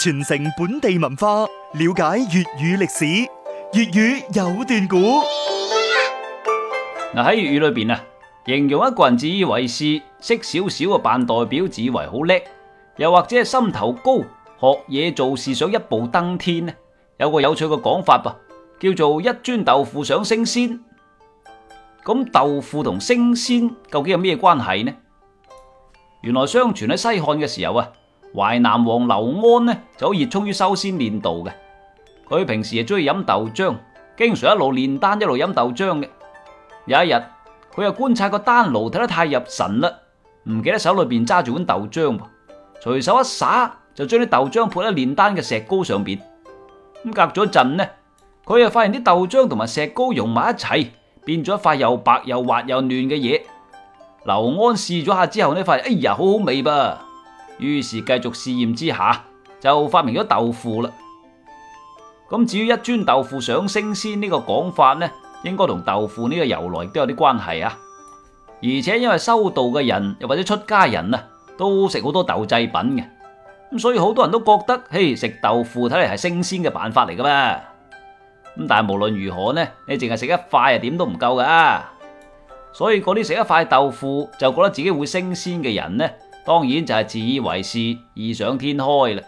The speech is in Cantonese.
傳承本地文化，了解粵語歷史。粵語有段古，嗱喺粵語裏邊啊，形容一個人自以為是，識少少嘅扮代表，自以為好叻，又或者係心頭高，學嘢做事想一步登天呢？有個有趣嘅講法噃，叫做一磚豆腐想升仙。咁豆腐同升仙究竟有咩關係呢？原來相傳喺西漢嘅時候啊。淮南王劉安呢就好熱衷於修仙練道嘅，佢平時係中意飲豆漿，經常一路煉丹一路飲豆漿嘅。有一日，佢又觀察個丹爐睇得太入神啦，唔記得手裏邊揸住碗豆漿，隨手一灑就將啲豆漿潑喺煉丹嘅石膏上邊。咁隔咗一陣呢，佢又發現啲豆漿同埋石膏融埋一齊，變咗一塊又白又滑又嫩嘅嘢。劉安試咗下之後呢，發現哎呀好好味噃。於是繼續試驗之下，就發明咗豆腐啦。咁至於一磚豆腐想升仙呢個講法呢，應該同豆腐呢個由來都有啲關係啊。而且因為修道嘅人又或者出家人啊，都食好多豆製品嘅，咁所以好多人都覺得，嘿，食豆腐睇嚟係升仙嘅辦法嚟噶嘛。咁但係無論如何呢，你淨係食一塊啊，點都唔夠噶。所以嗰啲食一塊豆腐就覺得自己會升仙嘅人呢，當然就係自以為是，異想天開啦。